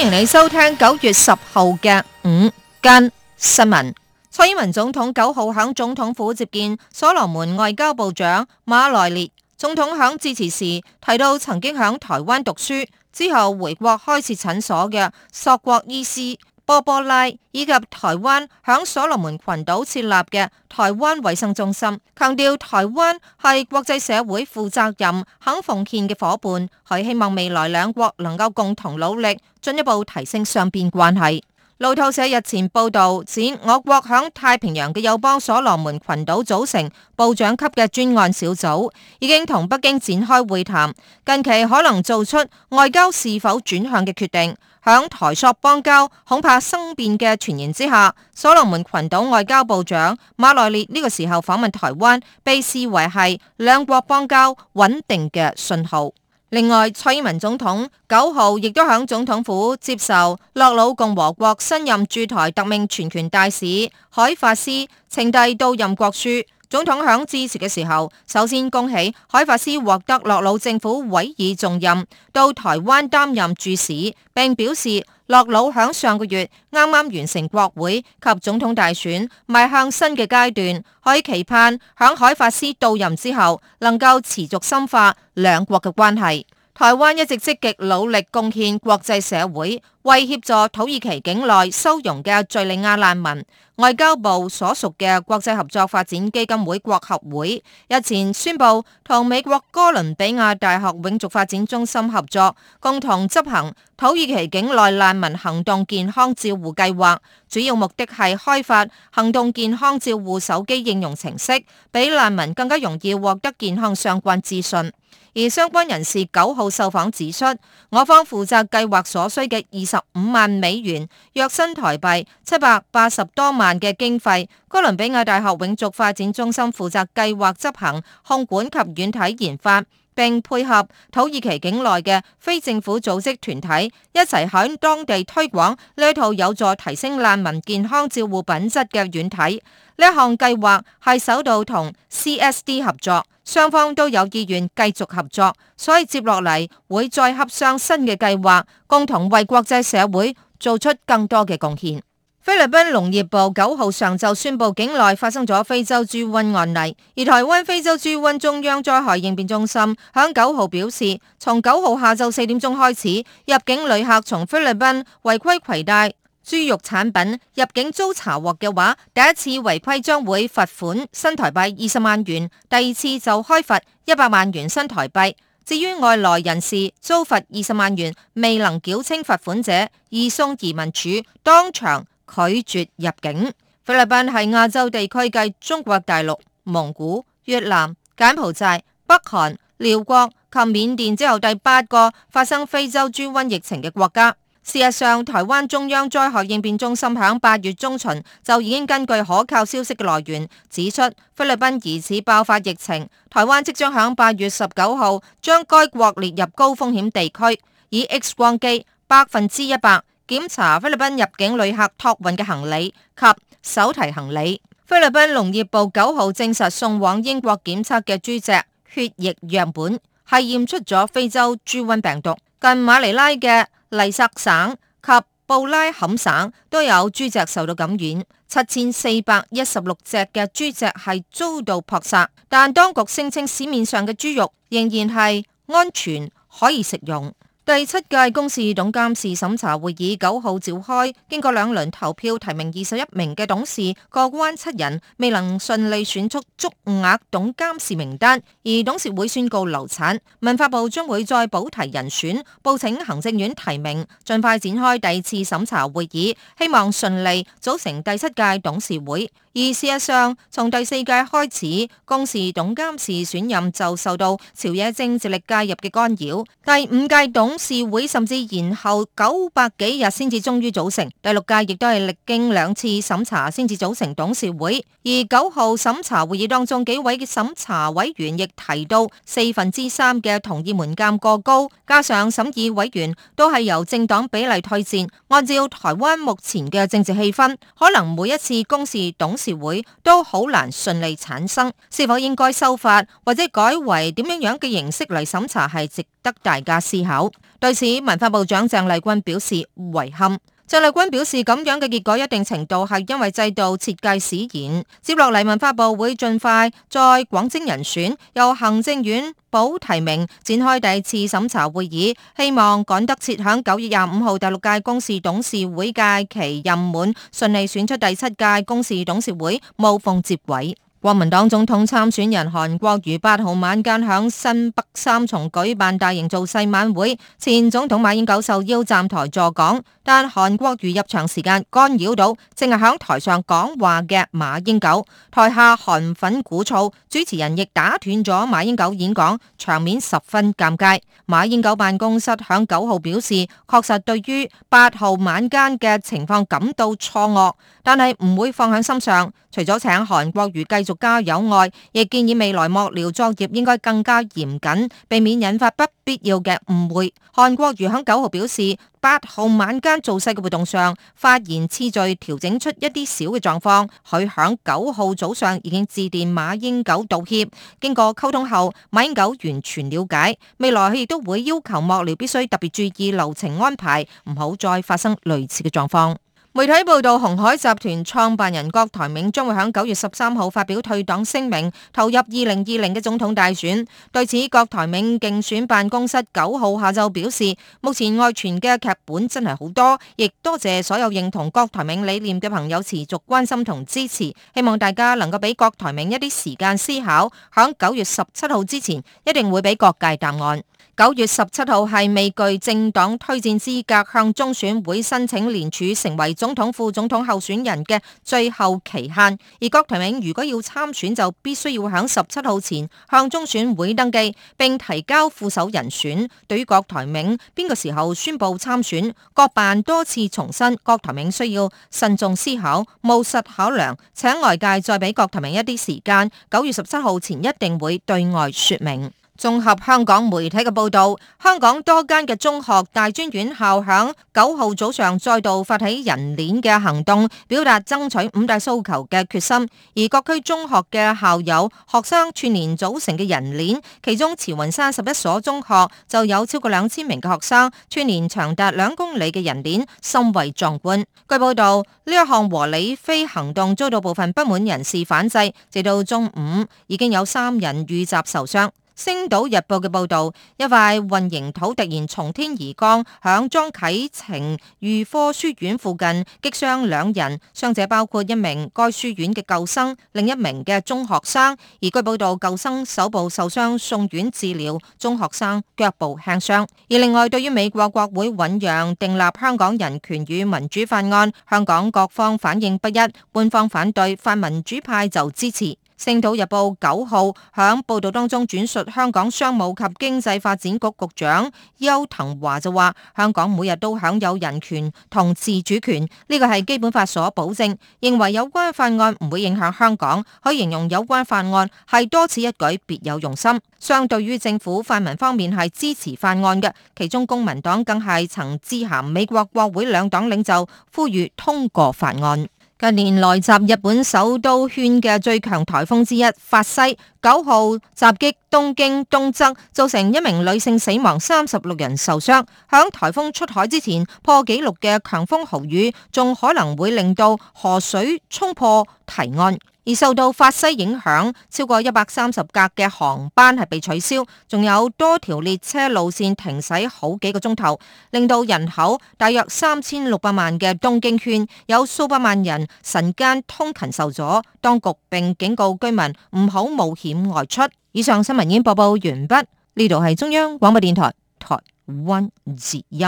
歡迎你收聽九月十號嘅午間新聞。蔡英文總統九號喺總統府接見所羅門外交部長馬來列。總統喺致辭時提到，曾經喺台灣讀書之後回國開設診所嘅索國醫師。波波拉以及台灣響所羅門群島設立嘅台灣衛生中心，強調台灣係國際社會負責任、肯奉獻嘅夥伴，係希望未來兩國能夠共同努力，進一步提升雙邊關係。路透社日前報導指，指我國響太平洋嘅友邦所羅門群島組成部長級嘅專案小組，已經同北京展開會談，近期可能做出外交是否轉向嘅決定。響台索邦交恐怕生變嘅傳言之下，所羅門群島外交部長馬內列呢個時候訪問台灣，被視為係兩國邦交穩定嘅信號。另外，蔡英文總統九號亦都響總統府接受諾魯共和國新任駐台特命全權大使海法斯呈遞到任國書。總統響致辭嘅時候，首先恭喜海法斯獲得諾魯政府委以重任，到台灣擔任駐使，並表示諾魯響上個月啱啱完成國會及總統大選，邁向新嘅階段，可以期盼響海法斯到任之後，能夠持續深化兩國嘅關係。台灣一直積極努力貢獻國際社會。為協助土耳其境內收容嘅敘利亞難民，外交部所屬嘅國際合作發展基金會國合會日前宣布，同美國哥倫比亞大學永續發展中心合作，共同執行土耳其境內難民行動健康照護計劃。主要目的係開發行動健康照護手機應用程式，俾難民更加容易獲得健康相關資訊。而相關人士九號受訪指出，我方負責計劃所需嘅二。十五萬美元，約新台幣七百八十多萬嘅經費，哥倫比亞大學永續發展中心負責計劃執行、控管及軟體研發。並配合土耳其境內嘅非政府組織團體一齊響當地推廣呢套有助提升難民健康照護品質嘅軟體。呢一項計劃係首度同 CSD 合作，雙方都有意願繼續合作，所以接落嚟會再合上新嘅計劃，共同為國際社會做出更多嘅貢獻。菲律賓農業部九號上晝宣布，境內發生咗非洲豬瘟案例，而台灣非洲豬瘟中央災害應變中心響九號表示，從九號下晝四點鐘開始，入境旅客從菲律賓違規攜帶豬肉產品入境遭查獲嘅話，第一次違規將會罰款新台幣二十萬元，第二次就開罰一百萬元新台幣。至於外來人士遭罰二十萬元未能繳清罰款者，移送移民署當場拒絕入境。菲律賓係亞洲地區繼中國大陸、蒙古、越南、柬埔寨、北韓、寮國及緬甸之後第八個發生非洲豬瘟疫情嘅國家。事實上，台灣中央災害應變中心響八月中旬就已經根據可靠消息嘅來源指出，菲律賓疑似爆發疫情。台灣即將響八月十九號將該國列入高風險地區，以 X 光機百分之一百，檢查菲律賓入境旅客託運嘅行李及手提行李。菲律賓農業部九號證實送往英國檢測嘅豬隻血液樣本係驗出咗非洲豬瘟病毒。近馬尼拉嘅黎薩省及布拉坎省都有豬隻受到感染，七千四百一十六隻嘅豬隻係遭到撲殺，但當局聲稱市面上嘅豬肉仍然係安全可以食用。第七屆公視董監事審查會議九號召開，經過兩輪投票提名二十一名嘅董事，過關七人，未能順利選出足額董監事名單，而董事會宣告流產。文化部將會再補提人選，報請行政院提名，盡快展開第二次審查會議，希望順利組成第七屆董事會。而事實上，從第四屆開始，公視董監事選任就受到朝野政治力介入嘅干擾，第五屆董董事會甚至延後九百幾日先至終於組成第六屆，亦都係歷經兩次審查先至組成董事會。而九號審查會議當中，幾位嘅審查委員亦提到四分之三嘅同意門檻過高，加上審議委員都係由政黨比例推薦。按照台灣目前嘅政治氣氛，可能每一次公視董事會都好難順利產生。是否應該修法或者改為點樣樣嘅形式嚟審查係值得大家思考。對此，文化部長鄭麗君表示遺憾。鄭麗君表示，咁樣嘅結果一定程度係因為制度設計使然。接落嚟，文化部會盡快再廣徵人選，由行政院補提名，展開第二次審查會議，希望趕得切響九月廿五號第六屆公視董事會屆期任滿，順利選出第七屆公視董事會無縫接位。國民黨總統參選人韓國瑜八號晚間響新北三重舉辦大型造勢晚會，前總統馬英九受邀站台助講。但韓國瑜入場時間干擾到，正係響台上講話嘅馬英九，台下韓粉鼓噪，主持人亦打斷咗馬英九演講，場面十分尷尬。馬英九辦公室響九號表示，確實對於八號晚間嘅情況感到錯愕，但係唔會放喺心上。除咗請韓國瑜繼續加油外，亦建議未來幕僚作業應該更加嚴謹，避免引發不必要嘅誤會。韓國瑜響九號表示。八號晚間造勢嘅活動上，發言次序調整出一啲小嘅狀況。佢響九號早上已經致電馬英九道歉。經過溝通後，馬英九完全了解，未來佢亦都會要求幕僚必須特別注意流程安排，唔好再發生類似嘅狀況。媒體報道，鴻海集團創辦人郭台銘將會喺九月十三號發表退黨聲明，投入二零二零嘅總統大選。對此，郭台銘競選辦公室九號下晝表示，目前外傳嘅劇本真係好多，亦多謝所有認同郭台銘理念嘅朋友持續關心同支持，希望大家能夠俾郭台銘一啲時間思考，喺九月十七號之前一定會俾各界答案。九月十七號係未具政黨推薦資格向中選會申請連署成為總統副總統候選人嘅最後期限，而郭台銘如果要參選，就必須要喺十七號前向中選會登記並提交副手人選。對於郭台銘邊個時候宣布參選，郭辦多次重申，郭台銘需要慎重思考、務實考量，請外界再俾郭台銘一啲時間，九月十七號前一定會對外說明。綜合香港媒體嘅報道，香港多間嘅中學、大專院校響九號早上再度發起人鏈嘅行動，表達爭取五大訴求嘅決心。而各區中學嘅校友學生串連組成嘅人鏈，其中慈雲山十一所中學就有超過兩千名嘅學生串連長達兩公里嘅人鏈，甚為壯觀。據報道，呢一項和理非行動遭到部分不滿人士反制，直到中午已經有三人遇襲受傷。《星島日報》嘅報道，一塊混凝土突然從天而降，響莊啟程預科書院附近擊傷兩人，傷者包括一名該書院嘅舊生，另一名嘅中學生。而據報道，舊生手部受傷送院治療，中學生腳部輕傷。而另外，對於美國國會醞釀訂立香港人權與民主法案，香港各方反應不一，官方反對，泛民主派就支持。《星島日報》九號喺報道當中轉述香港商務及經濟發展局局長邱騰華就話：香港每日都享有人權同自主權，呢個係基本法所保證。認為有關法案唔會影響香港，可以形容有關法案係多此一舉、別有用心。相對於政府，泛民方面係支持法案嘅，其中公民黨更係曾致函美國國會兩黨領袖，呼籲通過法案。近年來襲日本首都圈嘅最強台風之一，法西九號襲擊東京東側，造成一名女性死亡，三十六人受傷。響台風出海之前破紀錄嘅強風豪雨，仲可能會令到河水衝破堤岸。而受到法西影響，超過一百三十架嘅航班係被取消，仲有多條列車路線停駛好幾個鐘頭，令到人口大約三千六百萬嘅東京圈有數百萬人晨間通勤受阻。當局並警告居民唔好冒險外出。以上新聞已經播報完畢，呢度係中央廣播電台台灣之音。